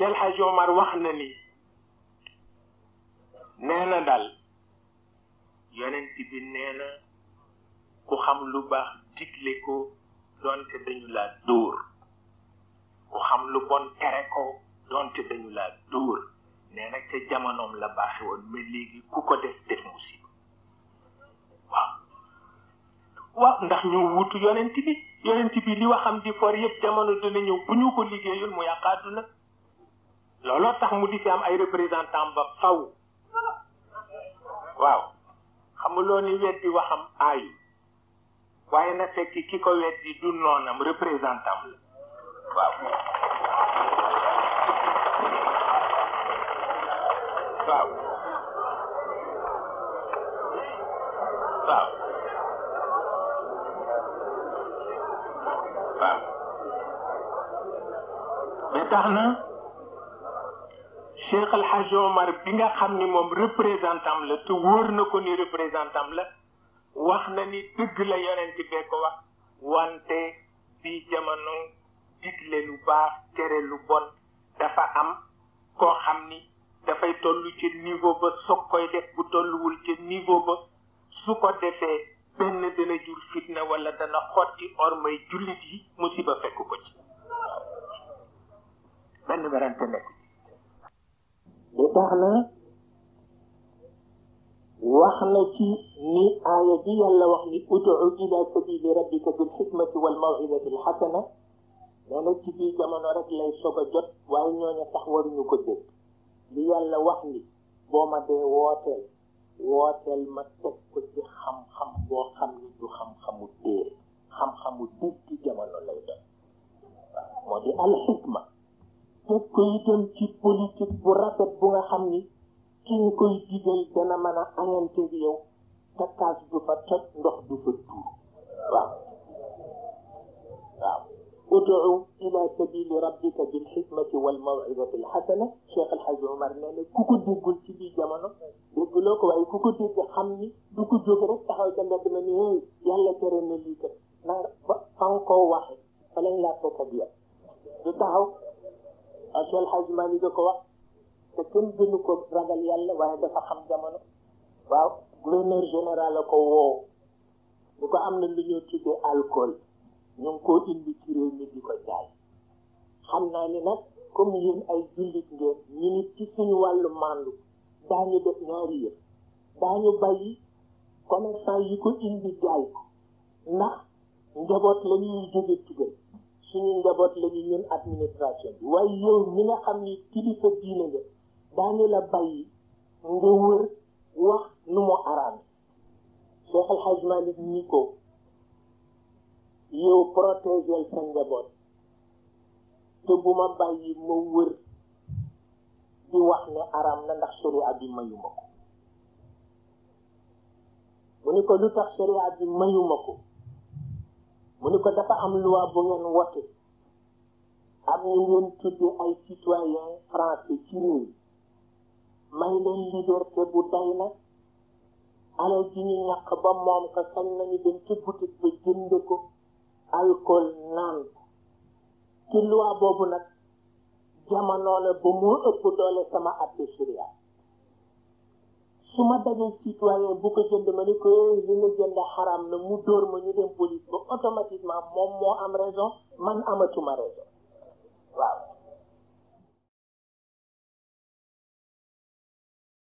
Cheikh Hadji Omar wax na ni nee na daal yonent bi nee na ku xam lu baax digle ko donte dañu laa dóor ku xam lu bon tere ko donte dañu laa dóor nee na ca jamonoom la baaxe woon mais léegi ku ko def def musiba waaw waaw ndax ñu wutu yonent bi yonent bi li waxam di for yépp jamono dina ñëw bu ñu ko liggéeyul mu yàq àdduna tax mu di fi am ay représentant ba faw waaw xamuloo ni weddi waxam aayu waaye na fekk ki ko weddi du noonam représentant waaw waaw waaw waaw mais tax na Cheikh El Hadj Omar bi nga xam ni moom représentant la te wóor na ko ni représentant la wax na ni dëgg la yonent bee ko wax wante bi jamono digle lu baax tere lu bon dafa am koo xam ni dafay toll ci niveau ba soog koy def bu tolluwul ci niveau ba su ko defee benn dana jur fitna wala dana xotti ormay jullit yi musiba fekk ko ci benn werante nekk soxna wax na ci ni aaya bi yàlla wax ni udu ila sabili rabbika bil hikmati wal mawidati al hasana nee na ci biir jamono rek lay sog a jot waaye ñooñu sax waruñu ko dégg li yàlla wax ni boo ma dee wooteel wooteel ma teg ko ci xam-xam boo xam ni du xam-xamu téere xam-xamu dégg jamono lay doon moo di al hikma daf koy jël ci politique bu rafet bu nga xam ni ki ñu koy digal dana mën a añante bi yow te kaas du fa toj ndox du fa tuur waaw waaw ادعو الى سبيل ربك بالحكمه والموعظه الحسنه شيخ الحاج عمر نانا كوكو ديغول سي بي جامانو ديغلوكو واي كوكو ديغ خامني دوكو جوغ رك تاخاو تا ندم ني هي يالا تيرنا لي كات نا فانكو واخ فلان لا تكديا du taxaw Seex Xaj Maalik da ko wax te kenn gënu ko ragal yàlla waaye dafa xam jamono waaw gouverneur général la ko woo ñu ko am na lu ñoo tuddee alcool ñu koo indi ci réew mi di ko jaay xam naa ni nag comme yéen ay jullit ngeen ñu nit ci suñu wàllu màndu daañu def ñaari yëpp daañu bàyyi commerçant yi ko indi jaay ndax njaboot la ñuy tugal suñu njaboot lañu ñun administration bi waaye yow mi nga xam ni kilifa diine nga daañu la bàyyi nga wër wax nu mu araame Cheikh El Hadj Malick ni ko yow protégel sa njaboot te bu ma bàyyi ma wër di wax ne araam na ndax sharia bi mayuma ko mu ni ko lu tax sharia bi mayuma ko mu ne ko dafa am loi bu ngeen wote am ñu ngeen tudde ay citoyen français ci réew may leen liberté bu day nag alal ji ñu ñàkk ba moom ko sañ nañu dem ci boutique ba ko alcool naan ko ci boobu nag jamono la ba moo ëpp doole sama atte su ma dajee citoyen bu ko jënd ma ne ko eh, li nga jënd xaram na mu dóor ma ñu dem police ba automatiquement moom moo am raison man amatuma raison